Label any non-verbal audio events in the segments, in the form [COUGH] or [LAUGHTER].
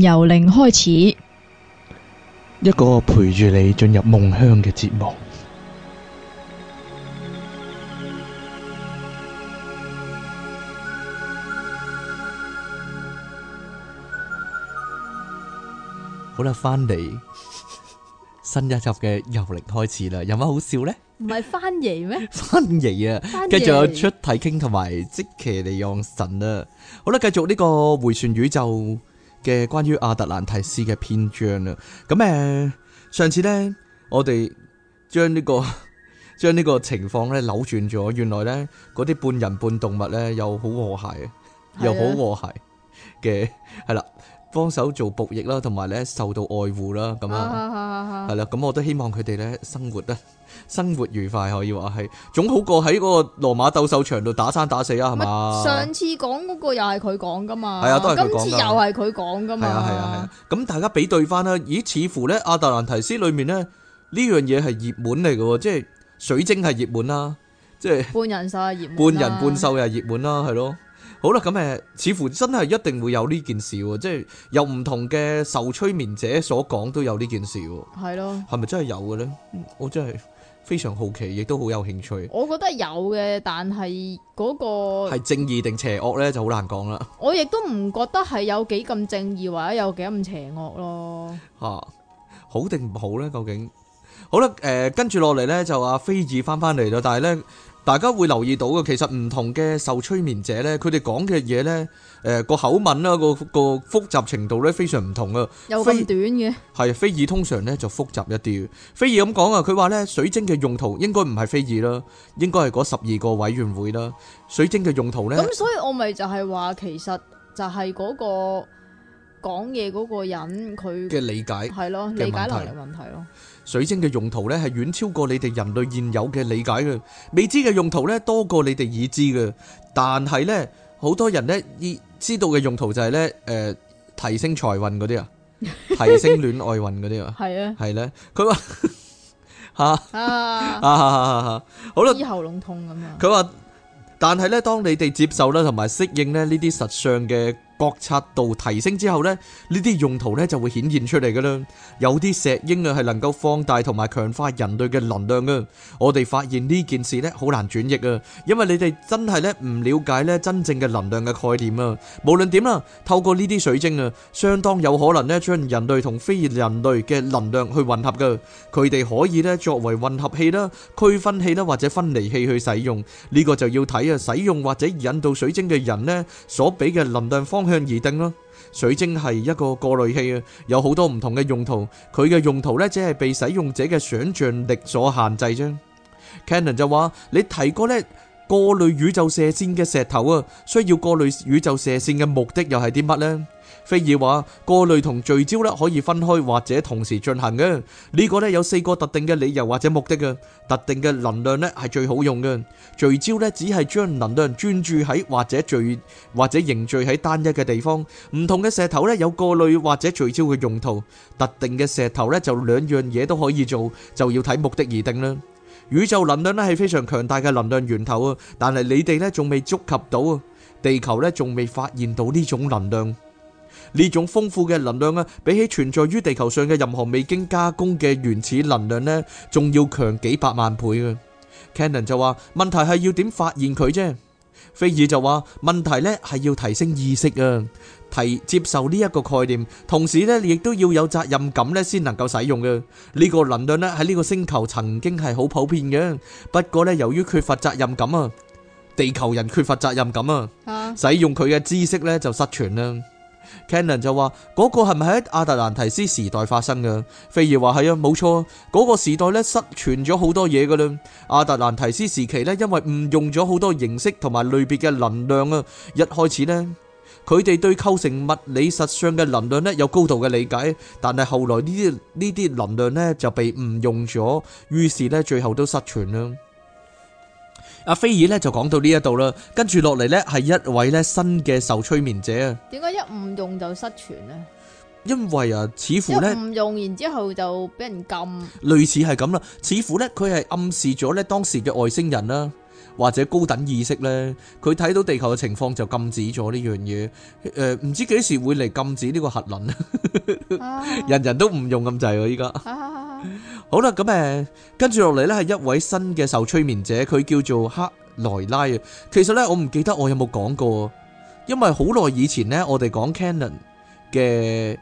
由零開始，一個陪住你進入夢鄉嘅節目。好啦，返嚟新一集嘅由零開始啦，有乜好笑呢？唔係返嚟咩？返嚟啊，跟住仲有出體傾同埋即其利用神啦。好啦，繼續呢個回旋宇宙。嘅關於阿特蘭提斯嘅篇章啊。咁誒，上次咧我哋將呢個將呢個情況咧扭轉咗，原來咧嗰啲半人半動物咧又好和諧，的又好和諧嘅係啦，幫手的 [LAUGHS] 做僕役啦，同埋咧受到愛護啦，咁啊係啦，咁、啊啊、我都希望佢哋咧生活咧。生活愉快可以話係，總好過喺嗰個羅馬鬥獸場度打生打死啊，係嘛？上次講嗰個又係佢講噶嘛？係啊，都係佢講噶。今次又係佢講噶嘛？係啊，係啊，係啊。咁、啊、大家比對翻啦，咦？似乎咧《阿特蘭堤斯》裏面呢，呢樣嘢係熱門嚟嘅，即係水晶係熱門啦、啊，即係半人獸係熱門，半人半獸又係熱門啦、啊，係咯、啊啊啊。好啦、啊，咁誒，似乎真係一定會有呢件事，即係有唔同嘅受催眠者所講都有呢件事。係咯、啊。係咪真係有嘅咧？我真係。非常好奇，亦都好有興趣。我覺得有嘅，但係嗰個係正義定邪惡呢就好難講啦。我亦都唔覺得係有幾咁正義，或者有幾咁邪惡咯。吓，好定唔好呢？究竟好啦，誒，跟住落嚟呢就阿菲爾翻翻嚟咗，但係呢。大家會留意到嘅，其實唔同嘅受催眠者咧，佢哋講嘅嘢咧，誒個口吻啦，個個複雜程度咧，非常唔同啊。有咁短嘅？係啊，菲爾通常咧就複雜一啲。菲爾咁講啊，佢話咧水晶嘅用途應該唔係菲爾啦，應該係嗰十二個委員會啦。水晶嘅用途咧？咁所以我咪就係話，其實就係嗰個講嘢嗰個人佢嘅理解係咯，理解能力問題咯。水晶嘅用途咧係遠超過你哋人類現有嘅理解嘅，未知嘅用途咧多過你哋已知嘅。但係咧，好多人咧已知道嘅用途就係、是、咧，誒、呃，提升財運嗰啲啊，提升戀愛運嗰啲啊。係啊，係咧。佢話吓啊，好啦，醫喉嚨痛咁啊。佢話，但係咧，當你哋接受啦，同埋適應咧呢啲實相嘅。覺察度提升之後咧，呢啲用途咧就會顯現出嚟噶啦。有啲石英啊係能夠放大同埋強化人類嘅能量噶。我哋發現呢件事咧好難轉譯啊，因為你哋真係咧唔了解咧真正嘅能量嘅概念啊。無論點啊，透過呢啲水晶啊，相當有可能咧將人類同非人類嘅能量去混合噶。佢哋可以咧作為混合器啦、區分器啦或者分離器去使用。呢個就要睇啊，使用或者引導水晶嘅人咧所俾嘅能量方向而定咯，水晶係一個過濾器啊，有好多唔同嘅用途，佢嘅用途咧，只係被使用者嘅想象力所限制啫。Canon 就話：你提過咧。過濾宇宙射線嘅石頭啊，需要過濾宇宙射線嘅目的又係啲乜呢？菲爾話，過濾同聚焦咧可以分開或者同時進行嘅，呢個咧有四個特定嘅理由或者目的嘅，特定嘅能量咧係最好用嘅。聚焦咧只係將能量專注喺，或者聚，或者凝聚喺單一嘅地方。唔同嘅石頭咧有過濾或者聚焦嘅用途，特定嘅石頭咧就兩樣嘢都可以做，就要睇目的而定啦。宇宙能量咧係非常強大嘅能量源頭啊，但係你哋咧仲未觸及到啊，地球咧仲未發現到呢種能量，呢種豐富嘅能量啊，比起存在於地球上嘅任何未經加工嘅原始能量咧，仲要強幾百萬倍啊。Cannon 就話問題係要點發現佢啫，菲爾就話問題咧係要提升意識啊。提接受呢一個概念，同時咧，亦都要有責任感咧，先能夠使用嘅。呢個能量咧喺呢個星球曾經係好普遍嘅，不過咧由於缺乏責任感啊，地球人缺乏責任感啊，使用佢嘅知識咧就失傳啦。Cannon 就話嗰個係咪喺阿特蘭堤斯時代發生嘅？菲爾話係啊，冇錯，嗰個時代咧失傳咗好多嘢噶啦。阿特蘭堤斯時期咧，因為誤用咗好多形式同埋類別嘅能量啊，一開始咧。佢哋對構成物理實相嘅能量咧有高度嘅理解，但係後來呢啲呢啲能量咧就被誤用咗，於是咧最後都失傳啦。阿菲爾咧就講到呢一度啦，跟住落嚟咧係一位咧新嘅受催眠者啊。點解一誤用就失傳啊？因為啊，似乎咧誤用，然之後就俾人禁。類似係咁啦，似乎咧佢係暗示咗咧當時嘅外星人啦。或者高等意識咧，佢睇到地球嘅情況就禁止咗呢樣嘢。誒、呃，唔知幾時會嚟禁止呢個核能。 [LAUGHS] 人人都唔用咁滯喎，依家。好啦，咁誒，跟住落嚟咧係一位新嘅受催眠者，佢叫做克萊拉啊。其實咧，我唔記得我有冇講過，因為好耐以前咧，我哋講 Canon 嘅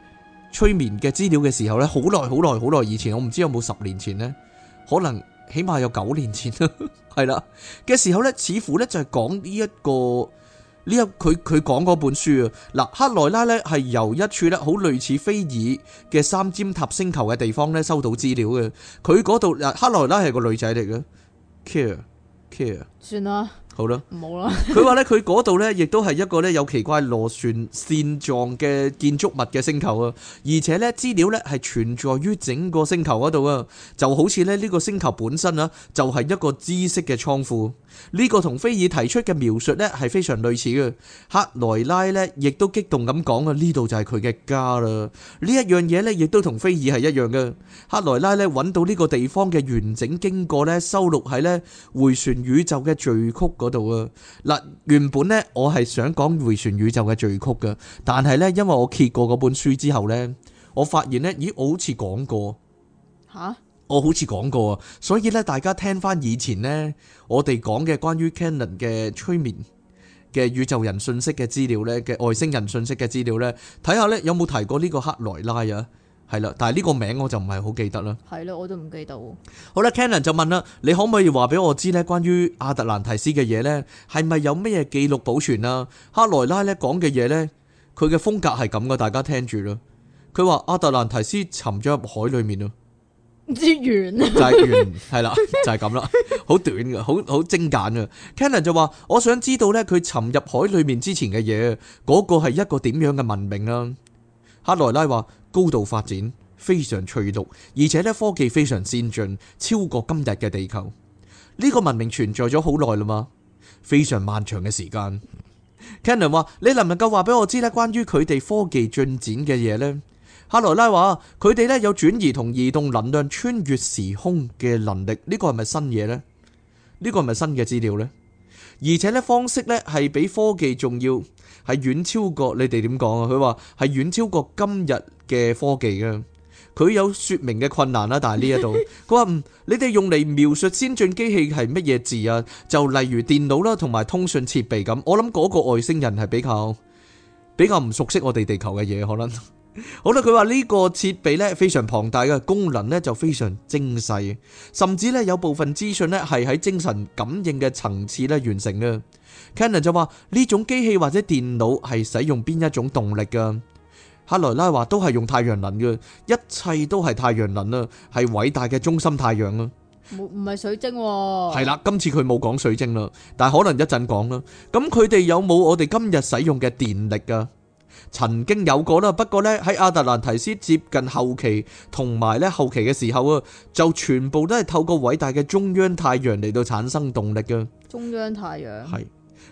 催眠嘅資料嘅時候咧，好耐好耐好耐以前，我唔知有冇十年前咧，可能。起碼有九年前啦，係啦嘅時候呢，似乎呢就係講呢一個呢一佢佢講嗰本書啊，嗱，克萊拉呢係由一處呢好類似飛爾嘅三尖塔星球嘅地方呢收到資料嘅，佢嗰度，嗱，克萊拉係個女仔嚟嘅，care care，算啦。好啦，佢話咧，佢嗰度咧，亦都係一個咧有奇怪螺旋線狀嘅建築物嘅星球啊，而且咧資料咧係存在於整個星球嗰度啊，就好似咧呢個星球本身啊，就係一個知識嘅倉庫。呢個同菲爾提出嘅描述呢係非常類似嘅，克萊拉呢亦都激動咁講啊，呢度就係佢嘅家啦。呢一樣嘢呢亦都同菲爾係一樣嘅，克萊拉呢揾到呢個地方嘅完整經過呢，收錄喺呢迴旋宇宙嘅序曲嗰度啊。嗱，原本呢我係想講迴旋宇宙嘅序曲噶，但係呢，因為我揭過嗰本書之後呢，我發現呢，咦我好似講過吓。我好似講過，所以咧，大家聽翻以前呢，我哋講嘅關於 Cannon 嘅催眠嘅宇宙人信息嘅資料咧，嘅外星人信息嘅資料咧，睇下咧有冇提過呢個克萊拉啊？係啦，但係呢個名我就唔係好記得啦。係咯，我都唔記得。好啦，Cannon 就問啦，你可唔可以話俾我知咧？關於阿特蘭堤斯嘅嘢咧，係咪有咩記錄保存啊？克萊拉咧講嘅嘢咧，佢嘅風格係咁嘅，大家聽住啦。佢話阿特蘭堤斯沉咗入海裡面啦。之遠就係遠，係啦完， [LAUGHS] 就係咁啦，好短嘅，好好精簡啊！Cannon 就話：我想知道呢，佢沉入海裡面之前嘅嘢，嗰個係一個點樣嘅文明啊？克萊拉話：高度發展，非常翠綠，而且呢科技非常先進，超過今日嘅地球。呢個文明存在咗好耐啦嘛，非常漫長嘅時間。Cannon 話：你能唔能夠話俾我知呢關於佢哋科技進展嘅嘢呢？」哈羅拉話佢哋咧，有轉移同移動能量穿越時空嘅能力，呢個係咪新嘢呢？呢個係咪新嘅資料呢？而且咧，方式咧係比科技重要，係遠超過你哋點講啊？佢話係遠超過今日嘅科技噶佢有說明嘅困難啦，但係呢一度佢話唔，你哋用嚟描述先進機器係乜嘢字啊？就例如電腦啦，同埋通訊設備咁。我諗嗰個外星人係比較比較唔熟悉我哋地球嘅嘢，可能。好啦，佢話呢個設備咧非常龐大嘅功能咧就非常精細，甚至咧有部分資訊咧係喺精神感應嘅層次咧完成嘅。Canon 就話呢種機器或者電腦係使用邊一種動力噶？克萊拉話都係用太陽能嘅，一切都係太陽能啦，係偉大嘅中心太陽啦。唔唔係水晶喎，哦？係啦，今次佢冇講水晶啦，但係可能一陣講啦。咁佢哋有冇我哋今日使用嘅電力噶，啊？曾經有過啦，不過呢，喺阿特蘭提斯接近後期同埋呢後期嘅時候啊，就全部都係透過偉大嘅中央太陽嚟到產生動力嘅。中央太陽係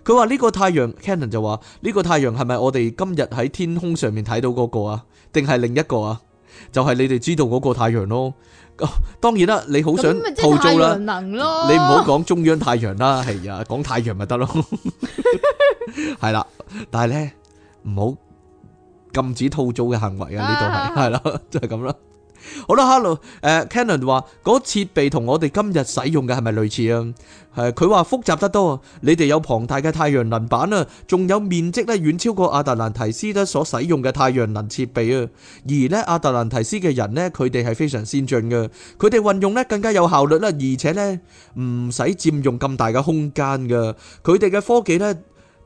佢話呢個太陽，Cannon 就話呢個太陽係咪我哋今日喺天空上面睇到嗰個啊？定係另一個啊？就係、是、你哋知道嗰個太陽咯。當然啦，你好想套租啦，你唔好講中央太陽啦，係呀，講太陽咪得咯。係啦，但係呢，唔好。禁止套租嘅行為啊！呢度係係啦，就係咁啦。 [LAUGHS] 好啦，Hello，誒、uh,，Canon 話嗰、那個、設備同我哋今日使用嘅係咪類似啊？誒、uh,，佢話複雜得多啊！你哋有龐大嘅太陽能板啊，仲有面積咧遠超過亞特蘭提斯呢所使用嘅太陽能設備啊。而呢，阿特蘭堤斯嘅人呢，佢哋係非常先進嘅，佢哋運用咧更加有效率啦，而且咧唔使佔用咁大嘅空間噶，佢哋嘅科技咧。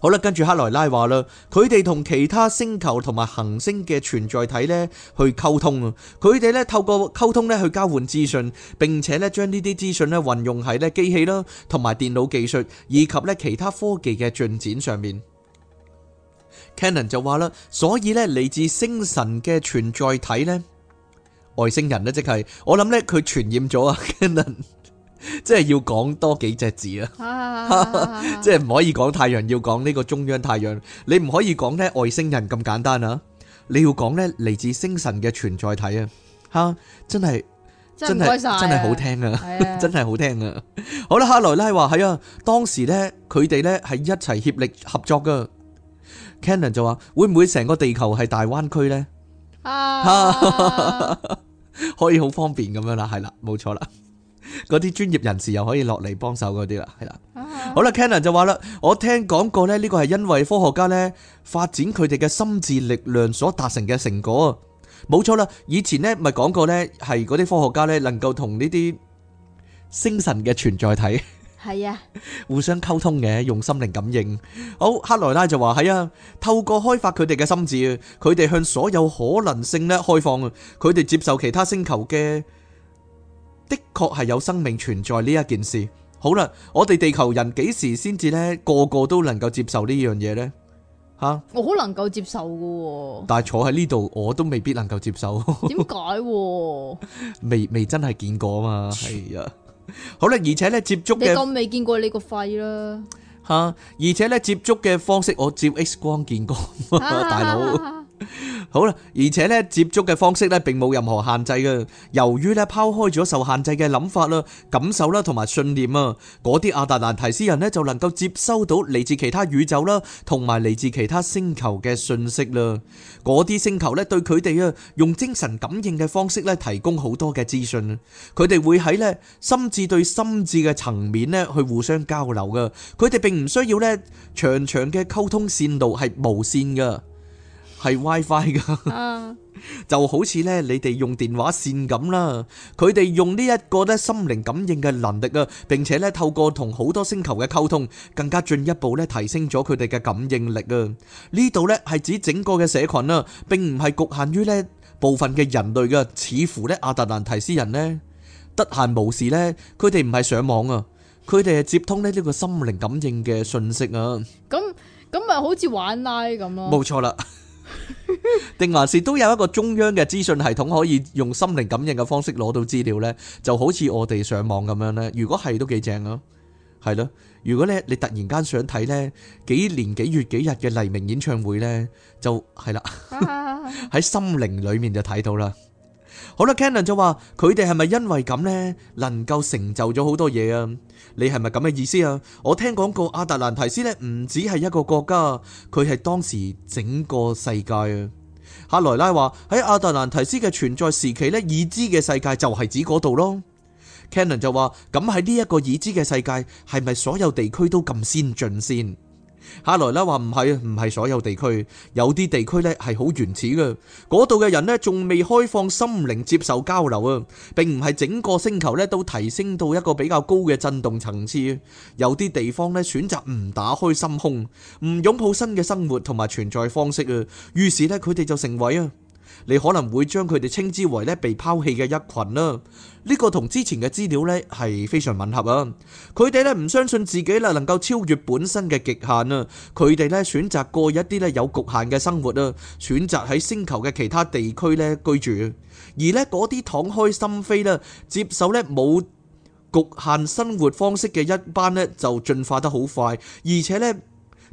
好啦，跟住克萊拉話啦，佢哋同其他星球同埋行星嘅存在體咧去溝通啊，佢哋咧透過溝通咧去交換資訊，並且咧將呢啲資訊咧運用喺咧機器啦，同埋電腦技術以及咧其他科技嘅進展上面。Cannon 就話啦，所以咧嚟自星神嘅存在體咧，外星人咧即係我諗咧佢傳染咗啊，Cannon。 [LAUGHS] 即係要講多幾隻字啊，啊，啊啊 [LAUGHS] 即係唔可以講太陽，要講呢個中央太陽。你唔可以講呢外星人咁簡單啊，你要講呢嚟自星神嘅存在體啊，吓、啊、真係真係是真係好聽啊，的真係好聽啊。 [LAUGHS] 好啦，哈萊拉話係啊，當時呢，佢哋呢係一齊協力合作噶。Canon 就話會唔會成個地球係大灣區呢？吓、啊、 [LAUGHS] 可以好方便咁樣啦，係啦，冇錯啦。嗰啲專業人士又可以落嚟幫手嗰啲啦，係啦。好啦，Cannon 就話啦，我聽講過咧，呢個係因為科學家咧發展佢哋嘅心智力量所達成嘅成果啊。冇錯啦，以前咧咪講過咧，係嗰啲科學家咧能夠同呢啲星神嘅存在體係啊，互相溝通嘅，用心靈感應。好，克萊拉就話係啊，透過開發佢哋嘅心智，佢哋向所有可能性咧開放啊，佢哋接受其他星球嘅。的確係有生命存在呢一件事，好啦，我哋地球人幾時先至咧個個都能夠接受呢樣嘢咧？吓，我好能夠接受㗎喎，但係坐喺呢度我都未必能夠接受，點 [LAUGHS] 解？未未真係見過啊嘛，係 [LAUGHS] 啊，好啦，而且咧接觸你咁未見過你個肺啦，吓，而且咧接觸嘅方式我照 X 光見過， [LAUGHS] 大佬哥。 [LAUGHS] [LAUGHS] 好啦，而且咧，接觸嘅方式咧，並冇任何限制嘅。由於咧拋開咗受限制嘅諗法啦、感受啦同埋信念啊，嗰啲阿特蘭堤斯人呢，就能夠接收到嚟自其他宇宙啦，同埋嚟自其他星球嘅信息啦。嗰啲星球咧對佢哋啊，用精神感應嘅方式咧提供好多嘅資訊。佢哋會喺咧心智對心智嘅層面咧去互相交流噶。佢哋並唔需要咧長長嘅溝通線路係無線噶。係 WiFi 噶，就好似咧你哋用電話線咁啦。佢哋用呢一個咧心靈感應嘅能力啊，並且咧透過同好多星球嘅溝通，更加進一步咧提升咗佢哋嘅感應力啊。呢度咧係指整個嘅社群啊，並唔係局限於咧部分嘅人類噶。似乎咧阿特蘭提斯人咧得閒無事咧，佢哋唔係上網啊，佢哋係接通咧呢個心靈感應嘅信息啊。咁咁咪好似玩拉咁咯。冇錯啦。定還是都有一個中央嘅資訊系統，可以用心靈感應嘅方式攞到資料呢，就好似我哋上網咁樣呢。如果係都幾正咯，係咯。如果咧你突然間想睇呢幾年幾月幾日嘅黎明演唱會呢，就係啦，喺心靈裏面就睇到啦。好啦 Cannon 就話佢哋係咪因為咁呢，能夠成就咗好多嘢啊？你係咪咁嘅意思啊？我聽講過阿特蘭提斯呢唔只係一個國家，佢係當時整個世界啊。哈萊拉話喺阿特蘭提斯嘅存在時期呢，已知嘅世界就係指嗰度咯。Cannon 就話咁喺呢一個已知嘅世界，係咪所有地區都咁先進先？下來咧話唔係，唔係所有地區，有啲地區咧係好原始㗎，嗰度嘅人咧仲未開放心靈接受交流啊，並唔係整個星球咧都提升到一個比較高嘅震動層次，有啲地方咧選擇唔打開心胸，唔擁抱新嘅生活同埋存在方式啊，於是咧佢哋就成為啊。你可能會將佢哋稱之為咧被拋棄嘅一群啦，呢個同之前嘅資料呢係非常吻合啊！佢哋呢唔相信自己啦，能夠超越本身嘅極限啊！佢哋呢選擇過一啲咧有局限嘅生活啊，選擇喺星球嘅其他地區呢居住啊，而呢嗰啲敞開心扉啦，接受呢冇局限生活方式嘅一班呢，就進化得好快，而且呢。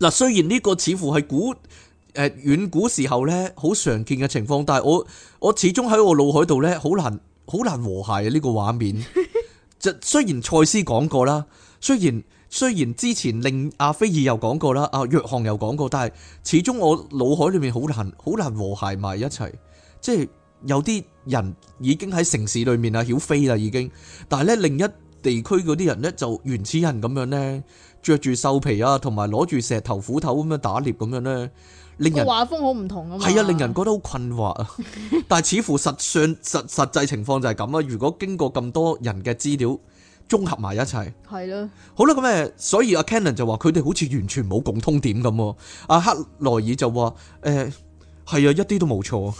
嗱、呃啊這個， [LAUGHS] 雖然呢個似乎係古誒遠古時候咧好常見嘅情況，但係我我始終喺我腦海度咧好難好難和諧啊呢個畫面。就雖然賽斯講過啦，雖然雖然之前令阿菲爾又講過啦，阿、啊、約翰又講過，但係始終我腦海裏面好難好難和諧埋一齊。即係有啲人已經喺城市裏面，市裡面啊，曉飛啦已經，但係呢另一地區嗰啲人呢，就原始人咁樣呢。着住獸皮啊，同埋攞住石頭斧頭咁樣打獵咁樣咧，令人畫風好唔同啊嘛。係啊，令人覺得好困惑啊。 [LAUGHS] 但係似乎實上實實際情況就係咁啊。如果經過咁多人嘅資料綜合埋一齊，係咯的。好啦，咁誒，所以阿 Cannon 就話佢哋好似完全冇共通點咁。阿克萊爾就話，誒、欸，係啊，一啲都冇錯，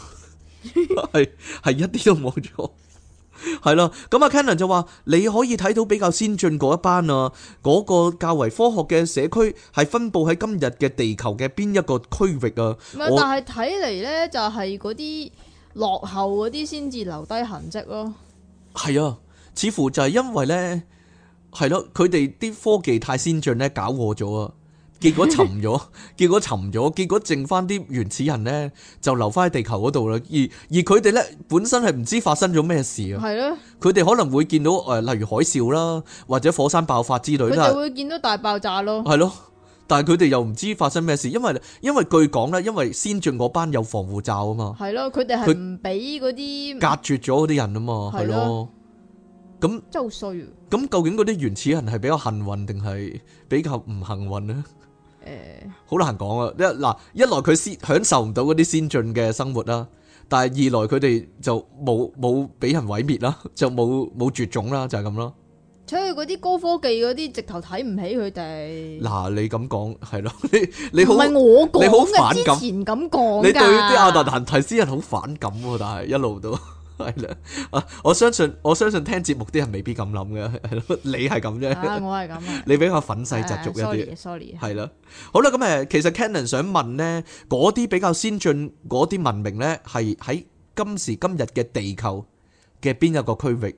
係係 [LAUGHS] 一啲都冇錯。係啦，咁阿 Cannon 就話：你可以睇到比較先進嗰一班啊，嗰、嗰個較為科學嘅社區係分佈喺今日嘅地球嘅邊一個區域啊。唔係，但係睇嚟呢就係嗰啲落後嗰啲先至留低痕跡咯、啊。係啊，似乎就係因為呢，係咯，佢哋啲科技太先進呢，搞我咗啊。結果沉咗，結果沉咗，結果剩翻啲原始人呢，就留翻喺地球嗰度啦。而而佢哋呢，本身係唔知發生咗咩事啊。係咯的，佢哋可能會見到誒、呃，例如海嘯啦，或者火山爆發之類。佢哋會見到大爆炸咯。係咯，但係佢哋又唔知發生咩事，因為因為據講咧，因為先進嗰班有防護罩啊嘛。係咯，佢哋係唔俾嗰啲隔絕咗嗰啲人啊嘛。係咯，咁真係好衰。咁的究竟嗰啲原始人係比較幸運定係比較唔幸運咧？誒，好難講啊！一嗱，一來佢先享受唔到嗰啲先進嘅生活啦，但係二來佢哋就冇冇俾人毀滅啦，就冇冇絕種啦，就係咁咯。所以嗰啲高科技嗰啲直頭睇唔起佢哋。嗱，你咁講係咯，你你好唔係我講嘅，你好反感咁講。你對啲阿特蘭堤斯人好反感喎，但係一路都。係啦，啊！ [LAUGHS] 我相信我相信聽節目啲人未必咁諗嘅，係 [LAUGHS] 咯，你係咁啫。我係咁， [LAUGHS] 你比較粉世習俗一啲。sorry，sorry 係啦，好啦，咁誒，其實 Canon 想問咧，嗰啲比較先進嗰啲文明咧，係喺今時今日嘅地球嘅邊一個區域？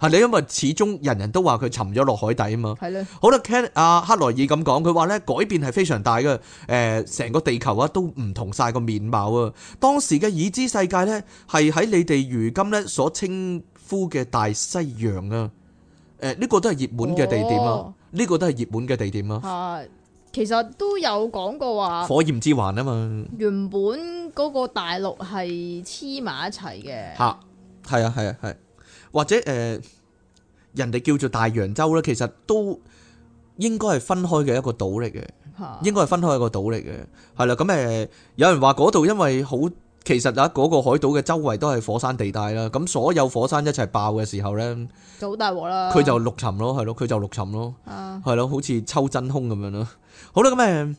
係你因為始終人人都話佢沉咗落海底啊嘛，係啦。好啦，Kate 阿克萊爾咁講，佢話咧改變係非常大嘅，誒、呃、成個地球啊都唔同晒個面貌啊。當時嘅已知世界咧係喺你哋如今咧所稱呼嘅大西洋啊，誒、呃、呢個都係熱門嘅地點啊，哦，呢個都係熱門嘅地點啊。啊，其實都有講過話火焰之環啊嘛，原本嗰個大陸係黐埋一齊嘅。吓，係啊係啊係。或者誒、呃、人哋叫做大洋洲咧，其實都應該係分開嘅一個島嚟嘅，的應該係分開一個島嚟嘅，係啦。咁、呃、誒有人話嗰度因為好，其實啊嗰、那個海島嘅周圍都係火山地帶啦。咁所有火山一齊爆嘅時候咧，就好大禍大鑊啦。佢就陸沉咯，係咯，佢就陸沉咯，係咯的的，好似抽真空咁樣咯。好啦，咁、嗯、誒。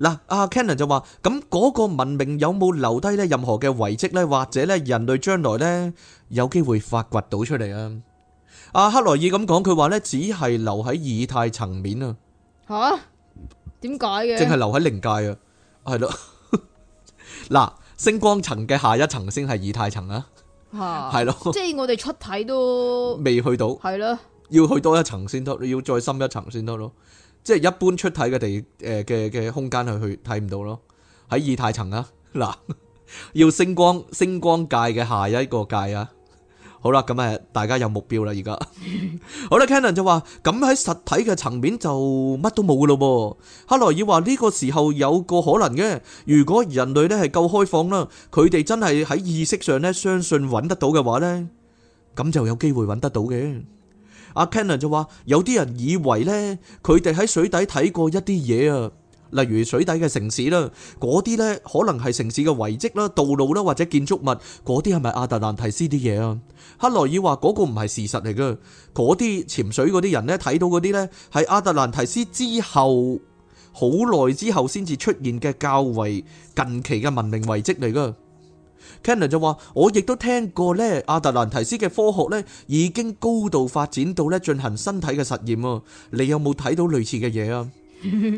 嗱，阿 Kenon 就話咁嗰個文明有冇留低咧任何嘅遺跡咧，或者咧人類將來咧有機會發掘到出嚟啊？阿克萊爾咁講，佢話咧只係留喺以太層面啊。吓？點解嘅？淨係留喺靈界啊？係咯。嗱，星光層嘅下一層先係以太層啊。吓。係咯。即係我哋出體都未去到。係咯。要去多一層先得，你要再深一層先得咯。即係一般出體嘅地誒嘅嘅空間去去睇唔到咯，喺異態層啊，嗱，要星光星光界嘅下一個界啊，好啦，咁啊大家有目標啦而家，好啦，Cannon 就話咁喺實體嘅層面就乜都冇咯噃，克萊爾話呢個時候有個可能嘅。如果人類咧係夠開放啦，佢哋真係喺意識上咧相信揾得到嘅話咧，咁就有機會揾得到嘅。阿 Kenon 就話：有啲人以為呢，佢哋喺水底睇過一啲嘢啊，例如水底嘅城市啦，嗰啲呢可能係城市嘅遺跡啦、道路啦或者建築物，嗰啲係咪阿特蘭提斯啲嘢啊？克萊爾話：嗰個唔係事實嚟㗎，嗰啲潛水嗰啲人呢，睇到嗰啲呢係阿特蘭提斯之後好耐之後先至出現嘅較為近期嘅文明遺跡嚟㗎。Kenan 就話：我亦都聽過咧，亞特蘭提斯嘅科學咧已經高度發展到咧進行身體嘅實驗喎。你有冇睇到類似嘅嘢啊？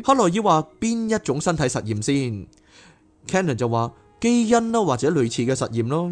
克 [LAUGHS] 萊爾話：邊一種身體實驗先？Kenan 就話：基因咯，或者類似嘅實驗咯。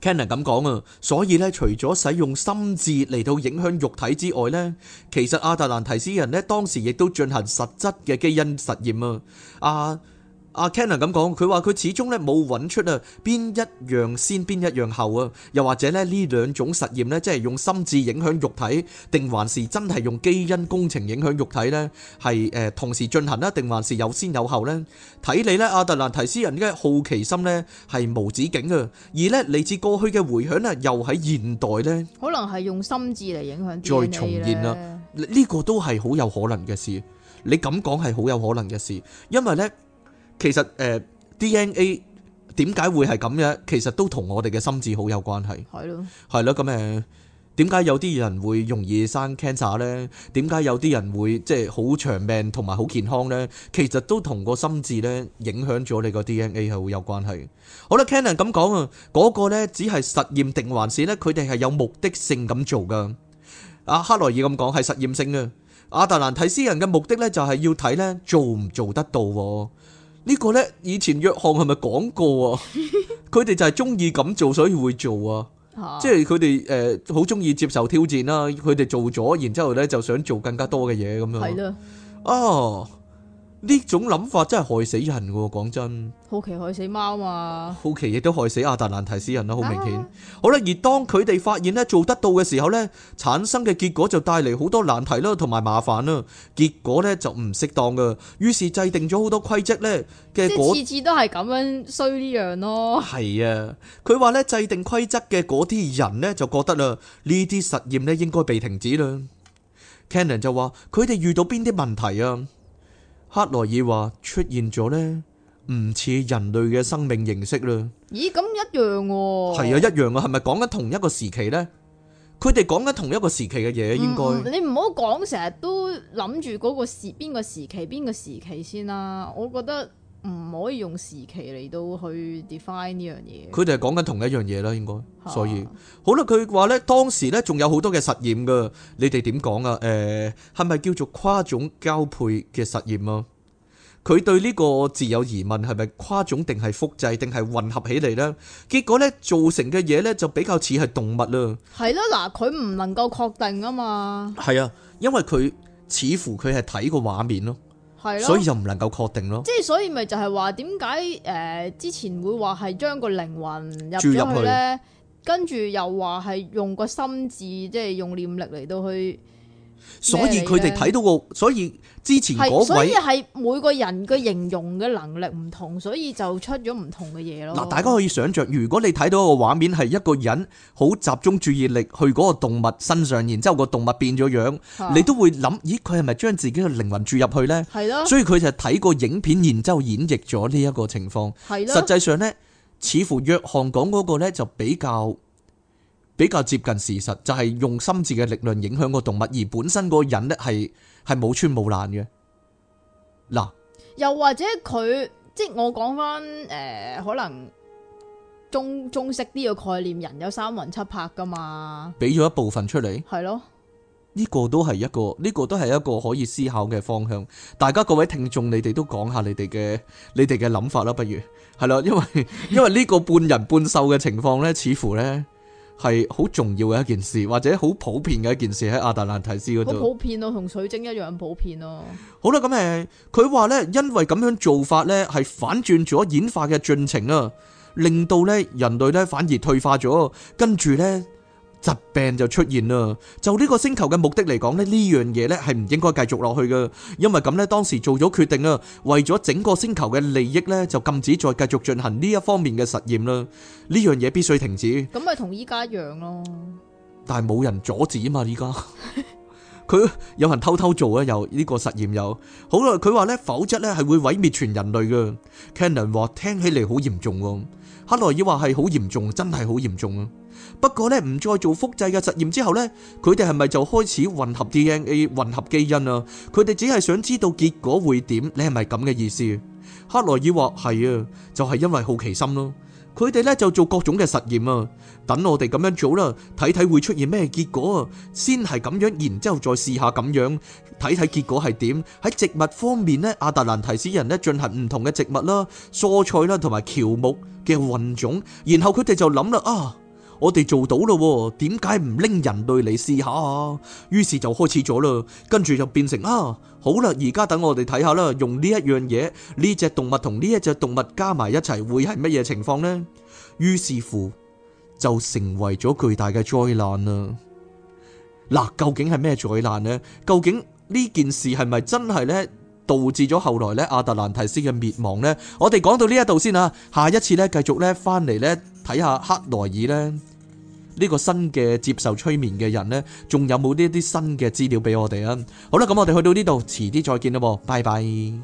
Cannon 咁講啊，所以咧，除咗使用心智嚟到影響肉體之外咧，其實亞特蘭提斯人咧當時亦都進行實質嘅基因實驗啊。阿 Kenon 咁講，佢話佢始終咧冇揾出啊邊一樣先邊一樣後啊，又或者咧呢兩種實驗咧，即係用心智影響肉體，定還是真係用基因工程影響肉體咧？係誒同時進行啊，定還是有先有後咧？睇你咧，阿特蘭提斯人嘅好奇心咧係無止境嘅！而咧嚟自過去嘅回響咧，又喺現代咧，可能係用心智嚟影響。再重現啦，呢個都係好有可能嘅事。你咁講係好有可能嘅事，因為咧。其實誒，DNA 點解會係咁樣？其實都同我哋嘅心智好有關係。係咯，係咯。咁誒，點解有啲人會容易生 cancer 咧？點解有啲人會即係好長命同埋好健康咧？其實都同個心智咧影響咗你個 DNA 係好有關係。好啦，Canon 咁講啊，嗰個咧只係實驗定還是咧？佢哋係有目的性咁做噶。阿克羅爾咁講係實驗性嘅。阿特蘭堤斯人嘅目的咧，就係要睇咧做唔做得到。呢個咧，以前約翰係咪講過啊？佢哋 [LAUGHS] 就係中意咁做，所以會做啊！ [LAUGHS] 即係佢哋誒好中意接受挑戰啦。佢哋做咗，然之後咧就想做更加多嘅嘢咁樣。係咯的，哦、啊。呢種諗法真係害死人噶講真。好奇害死貓嘛？好奇亦都害死阿特蘭提斯人啦，明顯啊，好明顯。好啦，而當佢哋發現咧做得到嘅時候呢，產生嘅結果就帶嚟好多難題啦，同埋麻煩啦。結果呢就唔適當噶於是制定咗好多規則呢，嘅。果次次都係咁樣衰呢樣咯。係啊，佢話呢制定規則嘅嗰啲人呢，就覺得啦，呢啲實驗咧應該被停止啦。Cannon 就話佢哋遇到邊啲問題啊？克萊爾話出現咗呢，唔似人類嘅生命形式啦。咦，咁一樣喎、啊？係啊，一樣啊，係咪講緊同一個時期呢？佢哋講緊同一個時期嘅嘢，應該、嗯嗯、你唔好講，成日都諗住嗰個時邊個時期，邊個時期先啦、啊。我覺得。唔可以用時期嚟到去 define 呢樣嘢。佢哋係講緊同一樣嘢啦，應該。所以好啦，佢話咧，當時咧仲有好多嘅實驗噶，你哋點講啊？誒，係咪叫做跨種交配嘅實驗啊？佢對呢個自有疑問，係咪跨種定係複製定係混合起嚟咧？結果咧造成嘅嘢咧就比較似係動物啦。係咯，嗱，佢唔能夠確定啊嘛。係啊，因為佢似乎佢係睇過畫面咯。所以就唔能夠確定咯。即係所以咪就係話點解誒之前會話係將個靈魂入咗去咧，住去跟住又話係用個心智，即係用念力嚟到去。所以佢哋睇到個，所以之前嗰位係，所以係每個人嘅形容嘅能力唔同，所以就出咗唔同嘅嘢咯。嗱，大家可以想象如果你睇到個畫面係一個人好集中注意力去嗰個動物身上，然之後個動物變咗樣，啊、你都會諗，咦，佢係咪將自己嘅靈魂注入去咧？係咯的。所以佢就睇過影片，然之後演繹咗呢一個情況。係咯的。實際上咧，似乎約翰講嗰個咧就比較。比較接近事實，就係、是、用心智嘅力量影響個動物，而本身嗰個人咧係係冇穿冇爛嘅。嗱，又或者佢即係我講翻，誒，可能中中式啲嘅概念，人有三魂七魄噶嘛，俾咗一部分出嚟，係咯，呢個都係一個呢、這個都係一個可以思考嘅方向。大家各位聽眾你你，你哋都講下你哋嘅你哋嘅諗法啦，不如係咯，因為因為呢個半人半獸嘅情況呢，似乎呢。 [LAUGHS] 係好重要嘅一件事，或者好普遍嘅一件事喺阿特蘭堤斯嗰度。好普遍咯、啊，同水晶一樣普遍咯、啊。好啦，咁誒，佢話呢，因為咁樣做法呢，係反轉咗演化嘅進程啊，令到呢人類呢反而退化咗，跟住呢。疾病就出現啦。就呢個星球嘅目的嚟講咧，呢樣嘢咧係唔應該繼續落去嘅。因為咁咧，當時做咗決定啊，為咗整個星球嘅利益咧，就禁止再繼續進行呢一方面嘅實驗啦。呢樣嘢必須停止。咁咪同依家一樣咯。但係冇人阻止啊嘛！依家佢有人偷偷做啊，又呢個實驗又好啦。佢話咧，否則咧係會毀滅全人類嘅。Cannon 話聽起嚟好嚴重喎，克萊爾話係好嚴重，真係好嚴重啊！不過咧，唔再做複製嘅實驗之後咧，佢哋係咪就開始混合 DNA、混合基因啊？佢哋只係想知道結果會點，你係咪咁嘅意思？克萊爾話係啊，就係因為好奇心咯。佢哋咧就做各種嘅實驗啊，等我哋咁樣做啦，睇睇會出現咩結果啊，先係咁樣，然之後再試下咁樣，睇睇結果係點。喺植物方面咧，亞特蘭提斯人咧進行唔同嘅植物啦、蔬菜啦同埋喬木嘅混種，然後佢哋就諗啦啊。我哋做到咯，點解唔拎人類嚟試下啊？於是就開始咗啦，跟住就變成啊，好啦，而家等我哋睇下啦，用呢一樣嘢，呢隻動物同呢一隻動物加埋一齊會係乜嘢情況呢？於是乎就成為咗巨大嘅災難啦。嗱，究竟係咩災難呢？究竟呢件事係咪真係咧導致咗後來咧阿特蘭堤斯嘅滅亡咧？我哋講到呢一度先啊，下一次咧繼續咧翻嚟咧睇下克萊爾咧。呢個新嘅接受催眠嘅人呢，仲有冇呢啲新嘅資料俾我哋啊？好啦，咁我哋去到呢度，遲啲再見啦，啵，拜拜！喺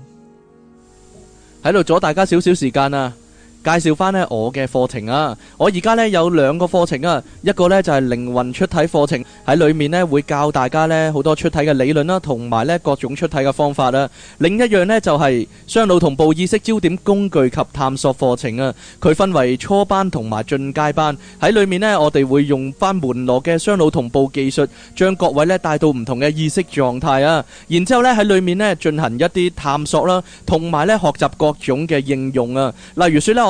度阻大家少少時間啊！介紹翻咧我嘅課程啊！我而家咧有兩個課程啊，一個咧就係靈魂出體課程，喺裡面咧會教大家咧好多出體嘅理論啦，同埋咧各種出體嘅方法啊。另一樣咧就係雙腦同步意識焦點工具及探索課程啊。佢分為初班同埋進階班，喺裡面咧我哋會用翻門羅嘅雙腦同步技術，將各位咧帶到唔同嘅意識狀態啊。然之後咧喺裡面咧進行一啲探索啦，同埋咧學習各種嘅應用啊。例如説咧。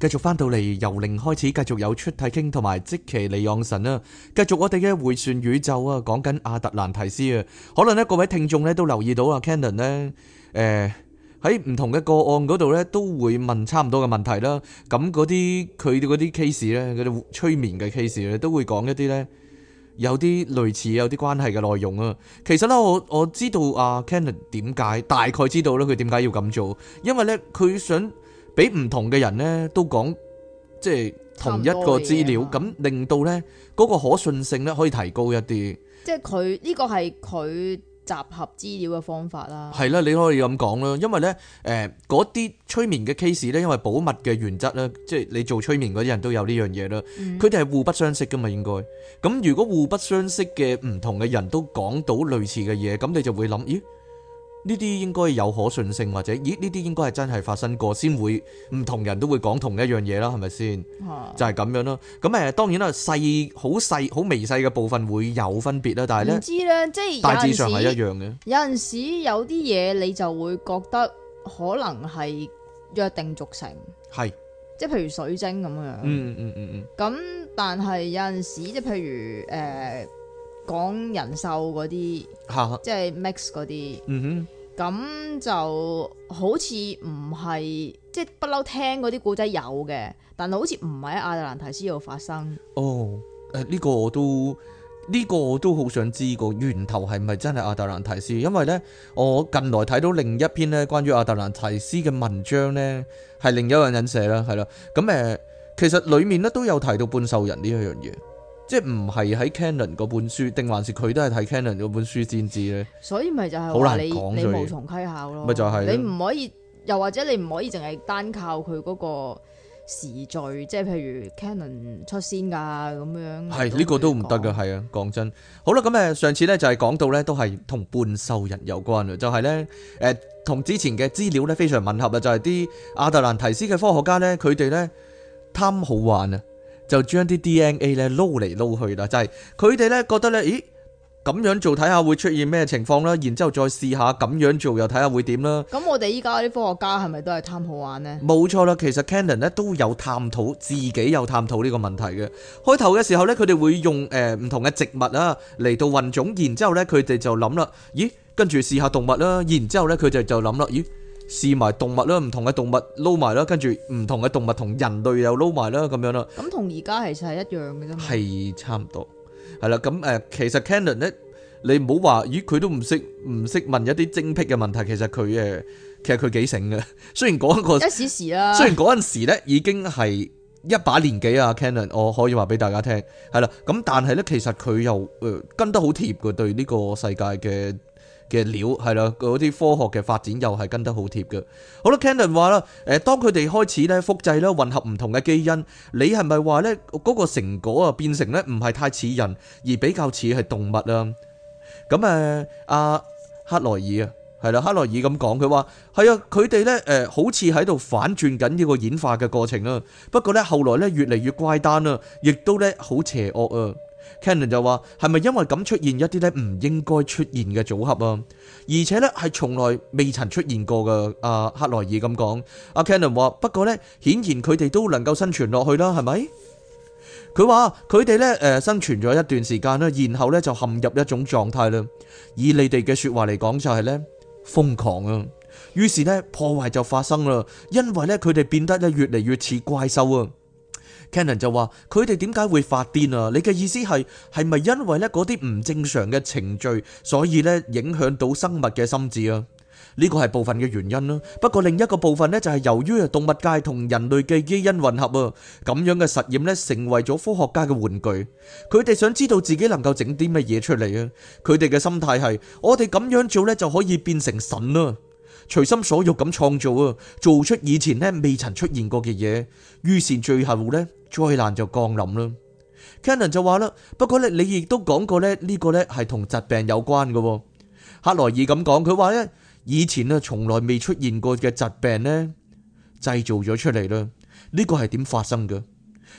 繼續返到嚟由零開始，繼續有出體傾同埋即其利用神啦。繼續我哋嘅迴旋宇宙啊，講緊阿特蘭提斯啊。可能咧各位聽眾呢都留意到啊，Cannon 呢、呃，誒喺唔同嘅個案嗰度呢，都會問差唔多嘅問題啦。咁嗰啲佢哋嗰啲 case 呢，嗰啲催眠嘅 case 咧，都會講一啲呢，有啲類似有啲關係嘅內容啊。其實呢，我我知道啊，Cannon 點解大概知道咧，佢點解要咁做，因為呢，佢想，俾唔同嘅人咧都講，即係同一個資料，咁令到咧嗰個可信性咧可以提高一啲。即係佢呢個係佢集合資料嘅方法啦。係啦，你可以咁講啦，因為咧，誒嗰啲催眠嘅 case 咧，因為保密嘅原則咧，即係你做催眠嗰啲人都有呢樣嘢啦，佢哋係互不相識噶嘛，應該。咁如果互不相識嘅唔同嘅人都講到類似嘅嘢，咁你就會諗咦？呢啲應該有可信性或者，咦？呢啲應該係真係發生過先會唔同人都會講同一樣嘢啦，係咪先？就係咁樣囉。咁誒，當然啦，細好細好微細嘅部分會有分別啦，但係咧，知咧，即係大致上係一樣嘅。有陣時有啲嘢你就會覺得可能係約定俗成，係即係譬如水晶咁樣。嗯嗯嗯嗯嗯。咁但係有陣時，即係譬如誒。講人獸嗰啲，啊、即係 max 嗰啲，咁、嗯、哼就好似唔係，即係不嬲聽嗰啲古仔有嘅，但係好似唔係喺亞特蘭提斯度發生。哦，呢、呃這個我都呢、這個我都好想知個源頭係唔係真係亞特蘭提斯，因為呢，我近來睇到另一篇咧關於亞特蘭提斯嘅文章呢係另一個人寫啦，係啦，咁、嗯、誒其實裏面咧都有提到半獸人呢一樣嘢。即係唔係喺 Canon 嗰本書，定還是佢都係睇 Canon 嗰本書先知咧？所以咪就係話你好難講，你無從稽考咯。咪就係你唔可以，又或者你唔可以淨係單靠佢嗰個時序，即係譬如 Canon 出先噶咁樣。係呢是個都唔得噶，係啊，講真。好啦，咁誒上次咧就係講到咧，都係同半獸人有關嘅，就係咧誒同之前嘅資料咧非常吻合啊，就係、是、啲亞特蘭提斯嘅科學家咧，佢哋咧貪好玩啊。就將啲 DNA 咧撈嚟撈去啦，就係佢哋咧覺得咧，咦，咁樣做睇下會出現咩情況啦，然之後再試下咁樣做又睇下會點啦。咁我哋依家啲科學家係咪都係貪好玩呢？冇錯啦，其實 Cannon 咧都有探討，自己有探討呢個問題嘅。開頭嘅時候咧，佢哋會用誒唔同嘅植物啊嚟到混種，然之後咧佢哋就諗啦，咦，跟住試下動物啦，然之後咧佢哋就諗啦，咦。試埋動物啦，唔同嘅動物撈埋啦，跟住唔同嘅動物同人類又撈埋啦，咁樣啦。咁同而家其實係一樣嘅啫。係差唔多，係啦。咁、呃、誒，其實 Cannon 咧，你唔好話咦，佢都唔識唔識問一啲精闢嘅問題。其實佢誒、呃，其實佢幾醒嘅。雖然嗰、那個、一時時啦、啊。雖然嗰陣時咧已經係一把年紀啊，Cannon，我可以話俾大家聽，係啦。咁但係咧，其實佢又、呃、跟得好貼嘅，對呢個世界嘅。嘅料係啦，嗰啲科學嘅發展又係跟得好貼嘅。好、okay，啦，Cannon 話啦，誒，當佢哋開始咧複製咧混合唔同嘅基因，你係咪話咧嗰個成果啊變成咧唔係太似人，而比較似係動物啊？咁誒，阿克萊爾啊，係啦，克萊爾咁講，佢話係啊，佢哋咧誒好似喺度反轉緊呢個演化嘅過程啊。不過咧，後來咧越嚟越怪誕啊，亦都咧好邪惡啊。Cannon 就話係咪因為咁出現一啲咧唔應該出現嘅組合啊，而且咧係從來未曾出現過嘅。阿克萊爾咁講，阿 Cannon 話不過呢，顯然佢哋都能夠生存落去啦，係咪？佢話佢哋咧誒生存咗一段時間啦，然後咧就陷入一種狀態啦。以你哋嘅說話嚟講就係咧瘋狂啊，於是呢，破壞就發生啦，因為咧佢哋變得越嚟越似怪獸啊。Cannon 就話：佢哋點解會發癲啊？你嘅意思係係咪因為呢嗰啲唔正常嘅程序，所以呢影響到生物嘅心智啊？呢個係部分嘅原因啦。不過另一個部分呢，就係由於動物界同人類嘅基因混合啊，咁樣嘅實驗呢，成為咗科學家嘅玩具。佢哋想知道自己能夠整啲乜嘢出嚟啊？佢哋嘅心態係：我哋咁樣做呢，就可以變成神啦。隨心所欲咁創造啊，做出以前咧未曾出現過嘅嘢。於是最後咧災難就降臨啦。Cannon 就話啦，不過咧你亦都講過咧呢個咧係同疾病有關嘅。克萊爾咁講，佢話咧以前啊從來未出現過嘅疾病咧製造咗出嚟啦，呢個係點發生嘅？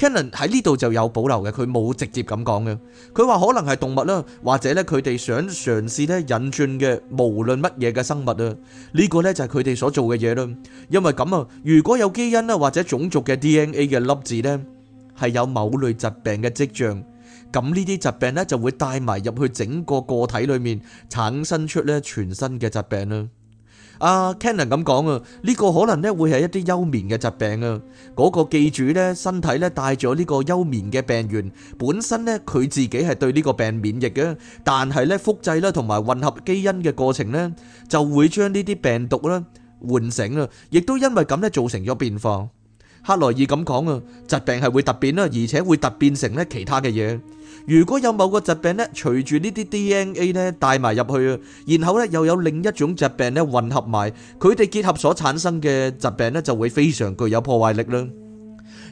Kenan 喺呢度就有保留嘅，佢冇直接咁講嘅。佢話可能係動物啦，或者咧佢哋想嘗試咧引進嘅，無論乜嘢嘅生物啊，呢個咧就係佢哋所做嘅嘢啦。因為咁啊，如果有基因啦或者種族嘅 DNA 嘅粒子咧，係有某類疾病嘅跡象，咁呢啲疾病咧就會帶埋入去整個個體裏面，產生出咧全新嘅疾病啦。阿 Cannon 咁講啊，呢個可能咧會係一啲休眠嘅疾病啊。嗰個寄主咧身體咧帶咗呢個休眠嘅病原，本身咧佢自己係對呢個病免疫嘅，但係咧複製啦同埋混合基因嘅過程咧就會將呢啲病毒咧喚醒啊，亦都因為咁咧造成咗變化。克萊爾咁講啊，疾病係會突變啦，而且會突變成咧其他嘅嘢。如果有某個疾病咧，隨住呢啲 DNA 咧帶埋入去，然後咧又有另一種疾病咧混合埋，佢哋結合所產生嘅疾病咧就會非常具有破壞力啦。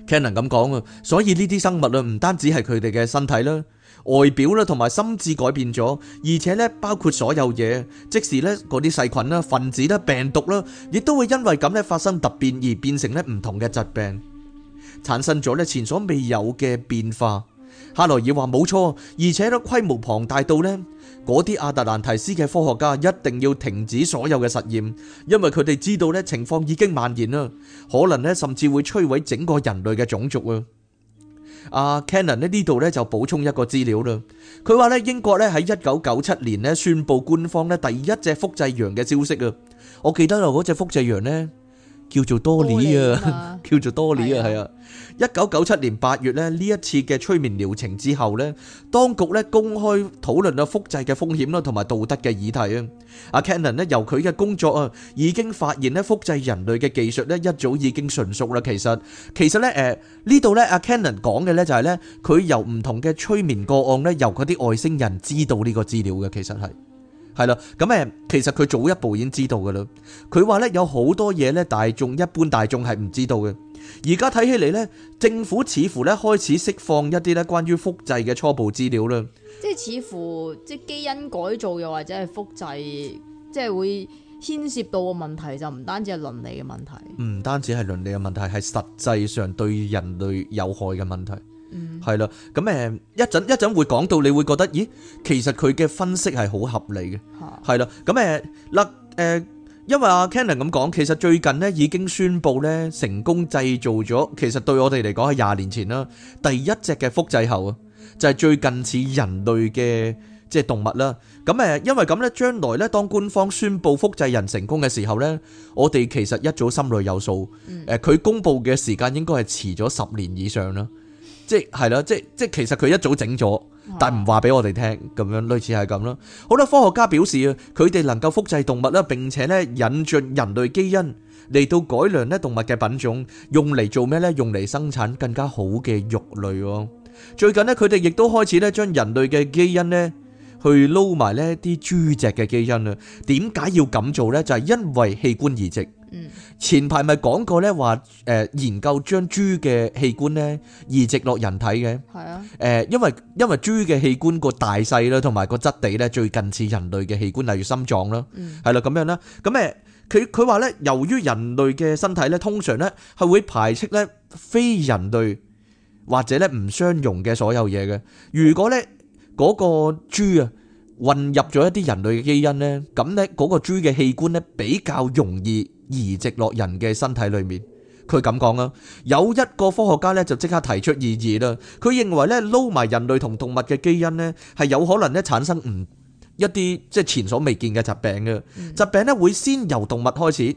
Cannon 咁講啊，所以呢啲生物啊唔單止係佢哋嘅身體啦、外表啦同埋心智改變咗，而且咧包括所有嘢，即使咧嗰啲細菌啦、分子啦、病毒啦，亦都會因為咁咧發生突變而變成咧唔同嘅疾病，產生咗咧前所未有嘅變化。哈羅爾話冇錯，而且都規模龐大到咧，嗰啲阿特蘭提斯嘅科學家一定要停止所有嘅實驗，因為佢哋知道咧情況已經蔓延啦，可能咧甚至會摧毀整個人類嘅種族啊。阿 Cannon 咧呢度咧就補充一個資料啦，佢話咧英國咧喺一九九七年咧宣佈官方咧第一隻複製羊嘅消息啊。我記得啊，嗰隻複製羊咧，叫做多莉啊，叫做多莉啊，係啊！一九九七年八月咧，呢一次嘅催眠療程之後咧，當局咧公開討論咗複製嘅風險啦，同埋道德嘅議題啊。阿 Kennan 咧由佢嘅工作啊，已經發現咧複製人類嘅技術咧一早已經純熟啦。其實其實咧，誒呢度咧阿 Kennan 講嘅咧就係咧，佢由唔同嘅催眠個案咧，由嗰啲外星人知道呢個資料嘅，其實係。係啦，咁誒，其實佢早一步已經知道噶啦。佢話咧有好多嘢咧，大眾一般大眾係唔知道嘅。而家睇起嚟咧，政府似乎咧開始釋放一啲咧關於複製嘅初步資料啦。即係似乎即基因改造又或者係複製，即係會牽涉到個問題，就唔單止係倫理嘅問題，唔單止係倫理嘅問題，係實際上對人類有害嘅問題。嗯，係啦，咁誒，一陣一陣會講到，你會覺得，咦，其實佢嘅分析係好合理嘅，係啦，咁誒，嗱，誒，因為阿 Cannon 咁講，其實最近咧已經宣布咧成功製造咗，其實對我哋嚟講係廿年前啦，第一隻嘅複製猴啊，就係最近似人類嘅即係動物啦，咁誒，因為咁咧，將來咧當官方宣布複製人成功嘅時候咧，我哋其實一早心裏有數，誒，佢公布嘅時間應該係遲咗十年以上啦。即係啦，即即其實佢一早整咗，但唔話俾我哋聽，咁樣類似係咁咯。好多科學家表示啊，佢哋能夠複製動物啦，並且咧引進人類基因嚟到改良咧動物嘅品種，用嚟做咩咧？用嚟生產更加好嘅肉類。最近咧，佢哋亦都開始咧將人類嘅基因咧去撈埋咧啲豬隻嘅基因啦。點解要咁做咧？就係因為器官移植。嗯，前排咪講過咧，話誒研究將豬嘅器官咧移植落人體嘅。係啊，誒因為因為豬嘅器官個大細啦，同埋個質地咧，最近似人類嘅器官，例如心臟啦，係啦咁樣啦，咁誒佢佢話咧，由於人類嘅身體咧，通常咧係會排斥咧非人類或者咧唔相容嘅所有嘢嘅，如果咧嗰個豬啊混入咗一啲人類嘅基因咧，咁咧嗰個豬嘅器官咧比較容易。移植落人嘅身體裏面，佢咁講啊，有一個科學家咧就即刻提出異議啦。佢認為咧撈埋人類同動物嘅基因呢，係有可能咧產生唔一啲即係前所未見嘅疾病嘅。疾病咧會先由動物開始。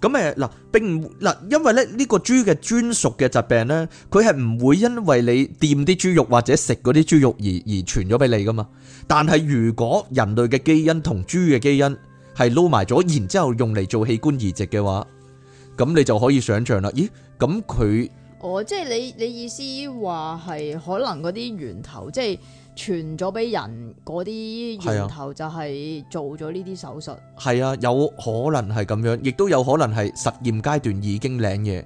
咁誒嗱並唔嗱，因為咧呢個豬嘅專屬嘅疾病咧，佢係唔會因為你掂啲豬肉或者食嗰啲豬肉而而傳咗俾你㗎嘛。但係如果人類嘅基因同豬嘅基因係撈埋咗，然之後用嚟做器官移植嘅話，咁你就可以想象啦。咦？咁佢？哦，即係你你意思話係可能嗰啲源頭即係。傳咗俾人嗰啲源頭就係做咗呢啲手術。係啊，有可能係咁樣，亦都有可能係實驗階段已經領嘢。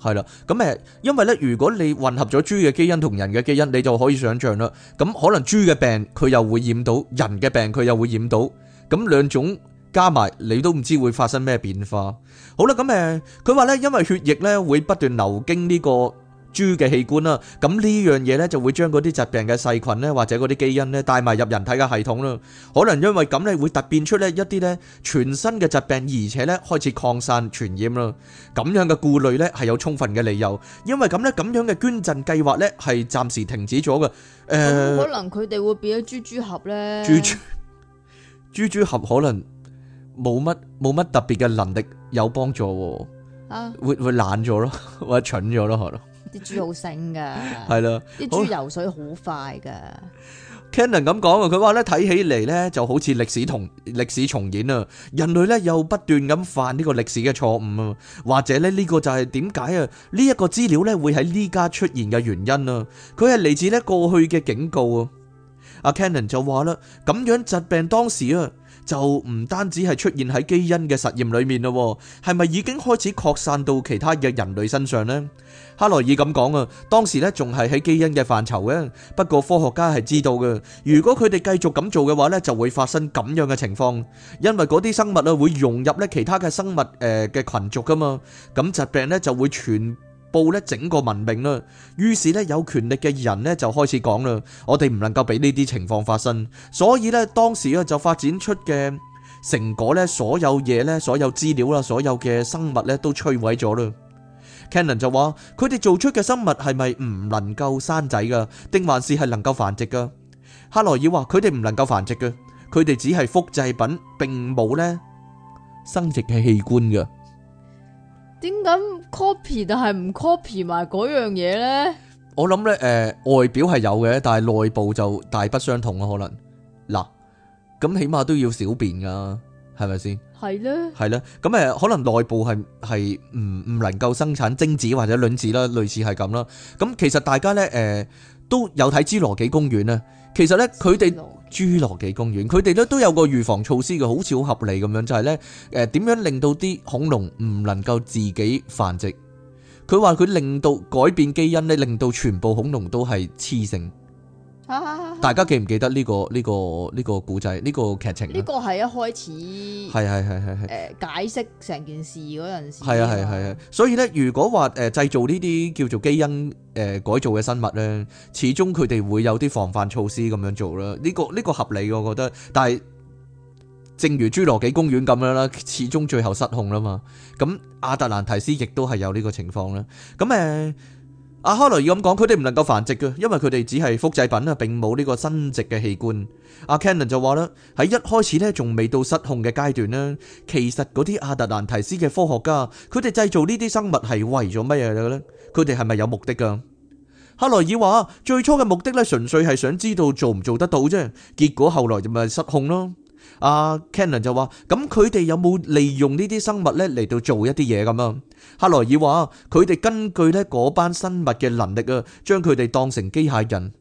係啦，咁誒，因為咧，如果你混合咗豬嘅基因同人嘅基因，你就可以想象啦，咁可能豬嘅病佢又會染到，人嘅病佢又會染到，咁兩種加埋，你都唔知會發生咩變化。好啦，咁誒，佢話咧，因為血液咧會不斷流經呢個。豬嘅器官啦，咁呢樣嘢咧就會將嗰啲疾病嘅細菌咧或者嗰啲基因咧帶埋入人體嘅系統啦，可能因為咁咧會突變出咧一啲咧全新嘅疾病，而且咧開始擴散傳染啦。咁樣嘅顧慮咧係有充分嘅理由，因為咁咧咁樣嘅捐贈計劃咧係暫時停止咗嘅。誒，可能佢哋會變咗豬豬俠咧？豬豬豬豬俠可能冇乜冇乜特別嘅能力，有幫助啊？會會懶咗咯，或者蠢咗咯，係咯？啲豬好醒㗎，係啦，啲豬游水好快㗎。Cannon 咁講啊，佢話咧睇起嚟咧就好似歷史同歷史重演啊，人類咧又不斷咁犯呢個歷史嘅錯誤啊，或者咧呢個就係點解啊呢一個資料咧會喺呢家出現嘅原因啊，佢係嚟自咧過去嘅警告啊。阿 Cannon 就話啦，咁樣疾病當時啊。就唔單止係出現喺基因嘅實驗裏面咯，係咪已經開始擴散到其他嘅人類身上呢？哈萊爾咁講啊，當時呢仲係喺基因嘅範疇嘅，不過科學家係知道嘅，如果佢哋繼續咁做嘅話呢，就會發生咁樣嘅情況，因為嗰啲生物啊會融入咧其他嘅生物誒嘅群族噶嘛，咁疾病呢就會傳。報咧整個文明啦，於是咧有權力嘅人咧就開始講啦，我哋唔能夠俾呢啲情況發生，所以咧當時咧就發展出嘅成果咧，所有嘢咧，所有資料啦，所有嘅生物咧都摧毀咗啦。Cannon 就話佢哋做出嘅生物係咪唔能夠生仔噶，定還是係能夠繁殖噶？克萊爾話佢哋唔能夠繁殖噶，佢哋只係複製品，並冇咧生殖嘅器官噶。點解 copy 但係唔 copy 埋嗰樣嘢咧？我諗咧，誒、呃，外表係有嘅，但係內部就大不相同咯。可能嗱，咁起碼都要小變噶，係咪先？係咧，係咧。咁、呃、誒，可能內部係係唔唔能夠生產精子或者卵子啦，類似係咁啦。咁其實大家咧，誒、呃，都有睇侏羅紀公園啦。其實咧，佢哋。侏羅紀公園，佢哋咧都有個預防措施嘅，好似好合理咁樣，就係呢誒點樣令到啲恐龍唔能夠自己繁殖？佢話佢令到改變基因咧，令到全部恐龍都係雌性。大家記唔記得呢個呢個呢個古仔呢個劇情？呢個係一開始，係係係係係，誒，解釋成件事嗰陣時，係啊係係啊。所以咧，如果話誒製造呢啲叫做基因誒改造嘅生物咧，始終佢哋會有啲防範措施咁樣做啦。呢個呢個合理，我覺得。但係，正如侏羅紀公園咁樣啦，始終最後失控啦嘛。咁亞特蘭提斯亦都係有呢個情況啦。咁、嗯、誒。阿克萊爾咁講，佢哋唔能夠繁殖嘅，因為佢哋只係複製品啊，並冇呢個生殖嘅器官。阿 Cannon 就話啦，喺一開始咧，仲未到失控嘅階段咧。其實嗰啲阿特蘭堤斯嘅科學家，佢哋製造呢啲生物係為咗乜嘢嘅咧？佢哋係咪有目的㗎？克萊爾話最初嘅目的咧，純粹係想知道做唔做得到啫，結果後來就咪失控咯。阿 Cannon 就話，咁佢哋有冇利用呢啲生物咧，嚟到做一啲嘢咁啊？克羅爾話，佢哋根據咧，嗰班生物嘅能力啊，將佢哋當成機械人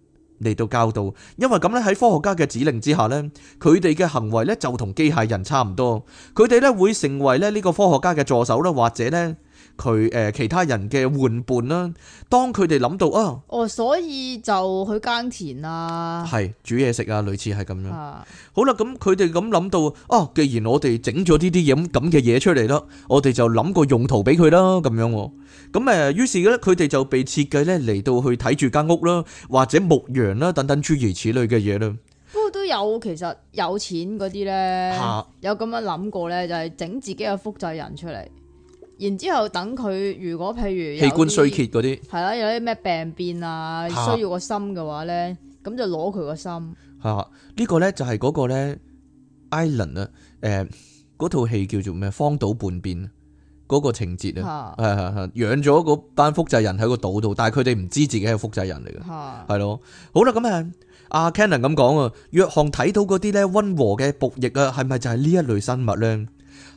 嚟到教導，因為咁咧，喺科學家嘅指令之下咧，佢哋嘅行為咧就同機械人差唔多，佢哋咧會成為咧呢個科學家嘅助手啦，或者咧。佢誒，其他人嘅玩伴啦，當佢哋諗到啊，哦，所以就去耕田啊，係煮嘢食啊，類似係咁樣。好啦，咁佢哋咁諗到啊，既然我哋整咗呢啲咁咁嘅嘢出嚟啦，我哋就諗個用途俾佢啦，咁樣。咁誒，於是咧，佢哋就被設計咧嚟到去睇住間屋啦，或者牧羊啦等等諸如此類嘅嘢啦。不過都有，其實有錢嗰啲咧，有咁樣諗過咧，就係整自己嘅複製人出嚟。然之後等佢，如果譬如器官衰竭嗰啲，係啦，有啲咩病變啊，需要個心嘅話咧，咁就攞佢個心。係呢個咧就係嗰個咧，Island 啊，誒嗰套戲叫做咩《荒島叛變》嗰個情節啊，係係係，養咗嗰班複製人喺個島度，但係佢哋唔知自己係複製人嚟嘅，係咯。好啦，咁啊，阿 Cannon 咁講啊，約翰睇到嗰啲咧溫和嘅僕役啊，係咪就係呢一類生物咧？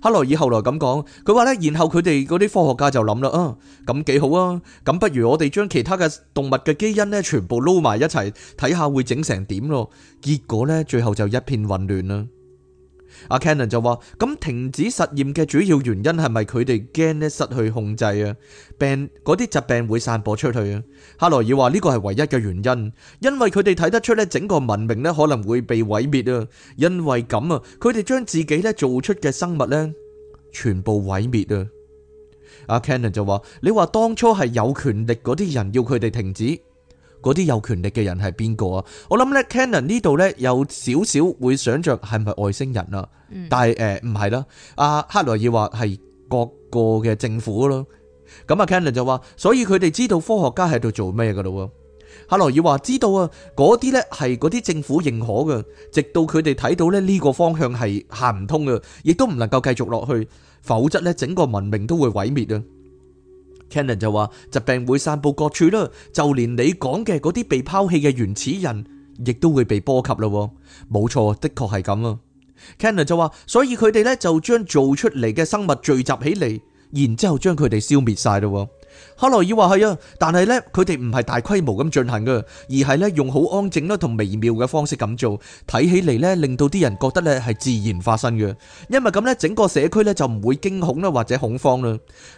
克羅爾以後來咁講，佢話咧，然後佢哋嗰啲科學家就諗啦，啊，咁幾好啊，咁不如我哋將其他嘅動物嘅基因咧，全部撈埋一齊睇下會整成點咯，結果咧最後就一片混亂啦。阿 Cannon 就話：咁停止實驗嘅主要原因係咪佢哋驚咧失去控制啊？病嗰啲疾病會散播出去啊？哈萊爾話呢個係唯一嘅原因，因為佢哋睇得出咧整個文明咧可能會被毀滅啊！因為咁啊，佢哋將自己咧做出嘅生物咧全部毀滅啊！阿 Cannon 就話：你話當初係有權力嗰啲人要佢哋停止？嗰啲有權力嘅人係邊個啊？我諗咧，Cannon 呢度咧有少少會想像係咪外星人啊？嗯、但係誒唔係啦，阿克萊爾話係各個嘅政府咯。咁阿 Cannon 就話，所以佢哋知道科學家喺度做咩㗎咯？克萊爾話知道啊，嗰啲咧係嗰啲政府認可嘅，直到佢哋睇到咧呢個方向係行唔通嘅，亦都唔能夠繼續落去，否則咧整個文明都會毀滅啊！Cannon 就話：疾病會散佈各處啦，就連你講嘅嗰啲被拋棄嘅原始人，亦都會被波及啦。冇錯，的確係咁啊。Cannon 就話：所以佢哋咧就將做出嚟嘅生物聚集起嚟，然之後將佢哋消滅晒啦。克羅爾話係啊，但係呢，佢哋唔係大規模咁進行噶，而係呢，用好安靜啦同微妙嘅方式咁做，睇起嚟呢，令到啲人覺得呢係自然發生嘅，因為咁呢，整個社區呢就唔會驚恐啦或者恐慌啦。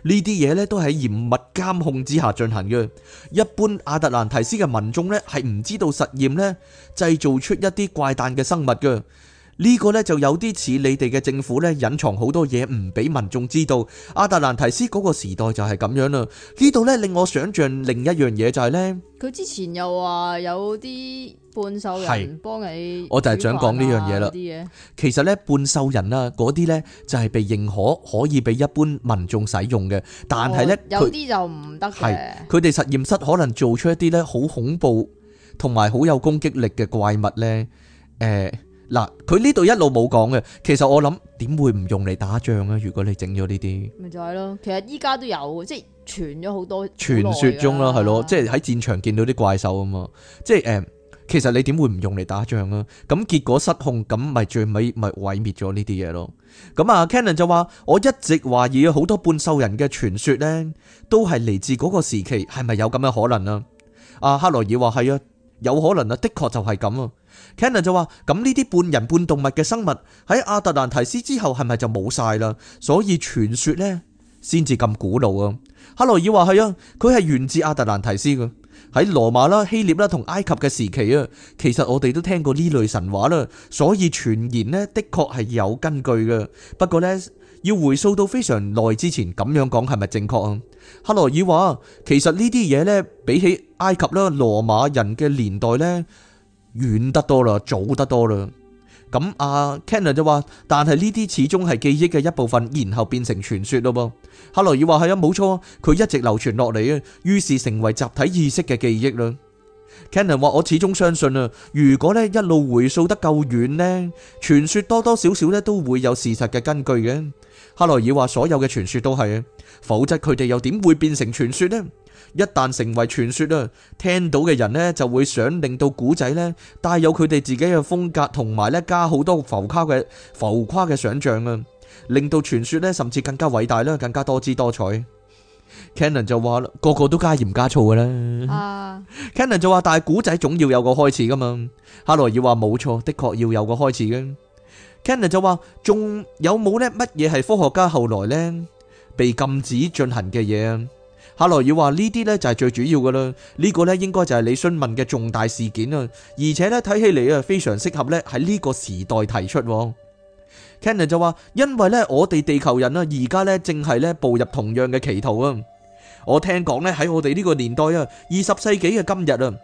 呢啲嘢呢都喺嚴密監控之下進行嘅。一般阿特蘭提斯嘅民眾呢，係唔知道實驗呢製造出一啲怪誕嘅生物嘅。呢個咧就有啲似你哋嘅政府咧隱藏好多嘢唔俾民眾知道。阿特蘭堤斯嗰個時代就係咁樣啦。呢度咧令我想象另一樣嘢就係咧，佢之前又話有啲半獸人幫你，我就係想講呢樣嘢啦。啲嘢其實咧半獸人啦，嗰啲咧就係被認可可以俾一般民眾使用嘅，但係咧有啲就唔得嘅。係佢哋實驗室可能做出一啲咧好恐怖同埋好有攻擊力嘅怪物咧，誒。嗱，佢呢度一路冇講嘅，其實我諗點會唔用嚟打仗啊？如果你整咗呢啲，咪就係咯。其實依家都有，即係傳咗好多傳説中啦，係咯吧，即係喺戰場見到啲怪獸啊嘛。即係誒，其實你點會唔用嚟打仗啊？咁結果失控，咁咪最尾咪毀滅咗呢啲嘢咯。咁啊 Cannon 就話：我一直懷疑好多半獸人嘅傳説呢，都係嚟自嗰個時期，係咪有咁嘅可能啊？阿克羅爾話：係啊，有可能啊，的確就係咁啊。Kenner 就話：咁呢啲半人半動物嘅生物喺阿特蘭堤斯之後係咪就冇晒啦？所以傳說呢，先至咁古老啊！克羅爾話，係啊，佢係源自阿特蘭堤斯噶。喺羅馬啦、希臘啦同埃及嘅時期啊，其實我哋都聽過呢類神話啦。所以傳言呢，的確係有根據噶。不過呢，要回溯到非常耐之前咁樣講係咪正確啊？克羅爾話：其實呢啲嘢呢，比起埃及啦、羅馬人嘅年代呢，遠得多啦，早得多啦。咁阿 Cannon 就話：，但係呢啲始終係記憶嘅一部分，然後變成傳說咯。噃，克羅爾話：係啊，冇錯，佢一直流傳落嚟啊，於是成為集體意識嘅記憶啦。Cannon 話：我始終相信啊，如果呢一路回溯得夠遠呢，傳說多多少少呢都會有事實嘅根據嘅。克羅爾話：所有嘅傳說都係啊，否則佢哋又點會變成傳說呢？一旦成為傳說啦，聽到嘅人咧就會想令到古仔咧帶有佢哋自己嘅風格，同埋咧加好多浮誇嘅浮誇嘅想像啊，令到傳說咧甚至更加偉大啦，更加多姿多彩。Cannon 就話啦，個個都加鹽加醋嘅啦。啊、Cannon 就話，但係古仔總要有個開始噶嘛。哈羅爾話，冇錯，的確要有個開始嘅。Cannon 就話，仲有冇咧乜嘢係科學家後來咧被禁止進行嘅嘢啊？下來要話呢啲呢，就係最主要嘅啦，呢、呢個呢，應該就係你詢問嘅重大事件啊，而且呢，睇起嚟啊，非常適合呢喺呢個時代提出。Cannon 就話，因為呢，我哋地球人啊，而家呢，正係呢步入同樣嘅歧途啊。我聽講呢，喺我哋呢個年代啊，二十世紀嘅今日啊，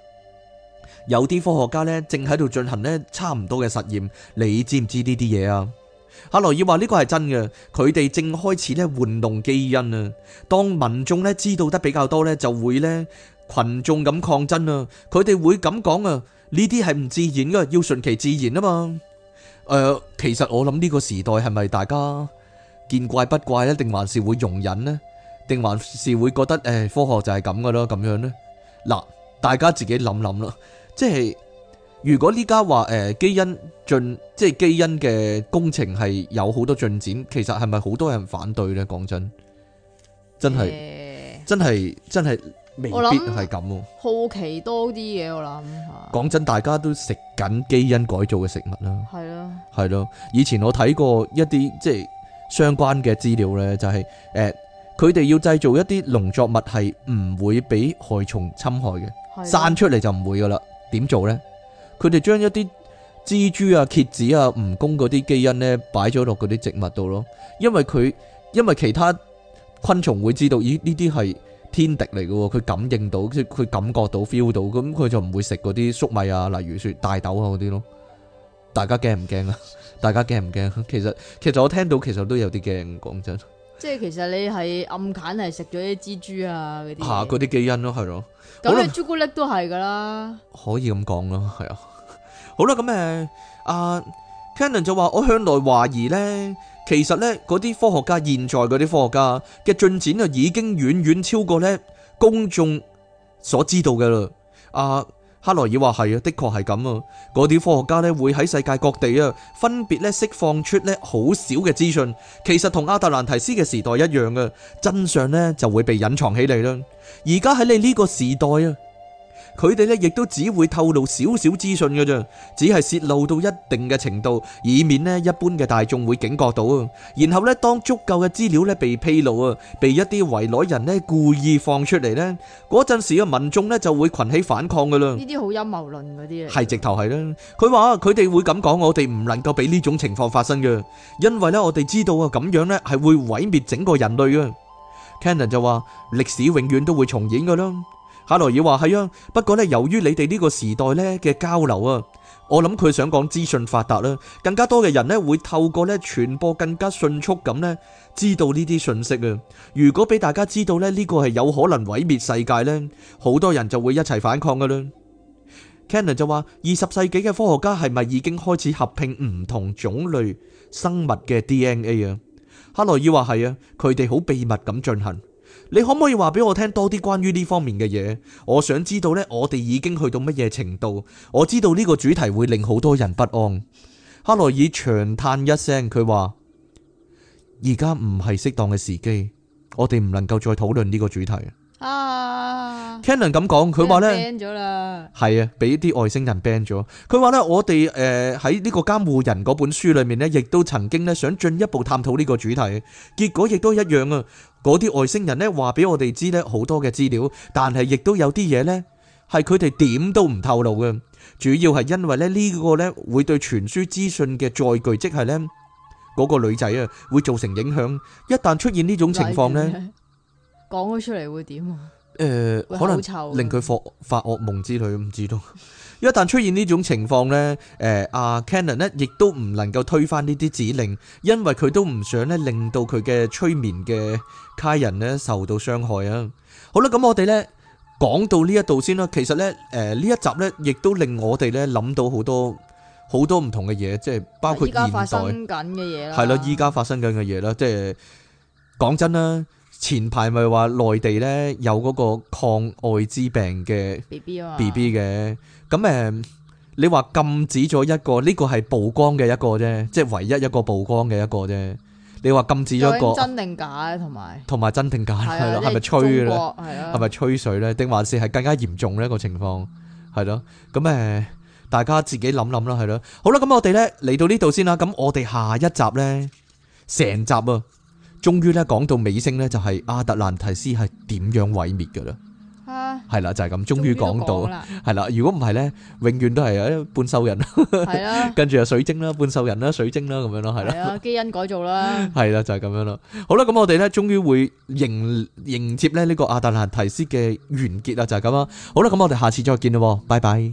有啲科學家呢，正喺度進行呢差唔多嘅實驗，你知唔知呢啲嘢啊？阿羅爾話呢個係真嘅，佢哋正開始咧玩弄基因啊！當民眾咧知道得比較多咧，就會咧群眾咁抗爭啊！佢哋會咁講啊，呢啲係唔自然嘅，要順其自然啊嘛！誒、呃，其實我諗呢個時代係咪大家見怪不怪咧，定還是會容忍呢？定還是會覺得誒、哎、科學就係咁噶咯，咁樣呢？嗱，大家自己諗諗啦，即係。如果呢家話誒，基因進即係基因嘅工程係有好多進展，其實係咪好多人反對呢？講真、欸、真，真係真係真係未必係咁咯。好奇多啲嘢，我諗講、啊、真，大家都食緊基因改造嘅食物啦，係咯，係咯。以前我睇過一啲即係相關嘅資料呢，就係、是、誒，佢、欸、哋要製造一啲農作物係唔會俾害蟲侵害嘅，係咯。散出嚟就唔會噶啦。點做呢？佢哋將一啲蜘蛛啊、蠍子啊、蜈蚣嗰啲基因呢擺咗落嗰啲植物度咯，因為佢因為其他昆蟲會知道咦呢啲係天敵嚟噶喎，佢感應到即佢感覺到 feel 到，咁佢就唔會食嗰啲粟米啊，例如說大豆啊嗰啲咯。大家驚唔驚啊？大家驚唔驚？其實其實我聽到其實都有啲驚，講真。即係其實你係暗砍係食咗啲蜘蛛啊嗰啲吓，啊，嗰啲基因咯係咯，咁你朱古力都係噶啦，可以咁講咯，係啊。好啦，咁誒，啊 Canon 就話：我向來懷疑呢，其實呢，嗰啲科學家，現在嗰啲科學家嘅進展啊，已經遠遠超過呢公眾所知道嘅啦。啊，克萊爾話：係啊，的確係咁啊，嗰啲科學家呢會喺世界各地啊，分別咧釋放出呢好少嘅資訊，其實同阿特蘭堤斯嘅時代一樣嘅，真相呢就會被隱藏起嚟啦。而家喺你呢個時代啊。佢哋咧亦都只會透露少少資訊噶啫，只係洩露到一定嘅程度，以免咧一般嘅大眾會警覺到啊。然後咧，當足夠嘅資料咧被披露啊，被一啲圍內人咧故意放出嚟咧，嗰陣時嘅民眾咧就會群起反抗噶啦。呢啲好陰謀論嗰啲啊，係直頭係啦。佢話佢哋會咁講，我哋唔能夠俾呢種情況發生嘅，因為咧我哋知道啊，咁樣咧係會毀滅整個人類呀。Cannon 就話歷史永遠都會重演噶啦。哈羅爾話係啊，不過咧，由於你哋呢個時代咧嘅交流啊，我諗佢想講資訊發達啦，更加多嘅人咧會透過咧傳播更加迅速咁咧，知道呢啲信息啊。如果俾大家知道咧，呢個係有可能毀滅世界咧，好多人就會一齊反抗噶啦。Cannon 就話：二十世紀嘅科學家係咪已經開始合併唔同種類生物嘅 DNA 啊？哈羅爾話係啊，佢哋好秘密咁進行。你可唔可以話俾我聽多啲關於呢方面嘅嘢？我想知道呢，我哋已經去到乜嘢程度？我知道呢個主題會令好多人不安。克萊爾長嘆一聲，佢話：而家唔係適當嘅時機，我哋唔能夠再討論呢個主題。啊 Cannon 咁講，佢話呢：「係啊，俾啲外星人 ban 咗。」佢話呢，我哋誒喺呢個監護人嗰本書裏面呢，亦都曾經咧想進一步探討呢個主題，結果亦都一樣啊。嗰啲外星人呢，話俾我哋知呢好多嘅資料，但係亦都有啲嘢呢，係佢哋點都唔透露嘅。主要係因為咧呢個呢，會對傳輸資訊嘅載具，即係呢嗰個女仔啊，會造成影響。一旦出現呢種情況呢，講咗出嚟會點啊？誒、呃，可能令佢發發噩夢之類，唔知道。 [LAUGHS] 一旦出現呢種情況咧，誒、呃，阿 Canon 咧，亦都唔能夠推翻呢啲指令，因為佢都唔想咧令到佢嘅催眠嘅家人咧受到傷害啊。好啦，咁我哋咧講到呢一度先啦。其實咧，誒、呃、呢一集咧，亦都令我哋咧諗到好多好多唔同嘅嘢，即係包括現代。發生緊嘅嘢啦，係咯，依家發生緊嘅嘢啦，即係講真啦。前排咪話內地咧有嗰個抗艾滋病嘅 B B 啊 B B 嘅，咁誒，你話禁止咗一個呢個係曝光嘅一個啫，即係唯一一個曝光嘅一個啫。你話禁止咗一個真定假同埋同埋真定假咧，係咪吹咧？係咪吹水咧？定還是係更加嚴重咧？個情況係咯，咁誒，大家自己諗諗啦，係咯。好啦，咁我哋咧嚟到呢度先啦。咁我哋下一集咧，成集啊！終於咧講到尾聲咧，就係阿特蘭提斯係點樣毀滅噶啦，係啦就係咁，終於講到係啦。如果唔係咧，永遠都係啊半獸人，係啦，跟住啊水晶啦，半獸人啦，水晶啦，咁樣咯，係啦，基因改造啦，係啦就係咁樣咯。好啦，咁我哋咧終於會迎迎接咧呢個阿特蘭提斯嘅完結啦，就係咁啦。好啦，咁我哋下次再見啦，拜拜。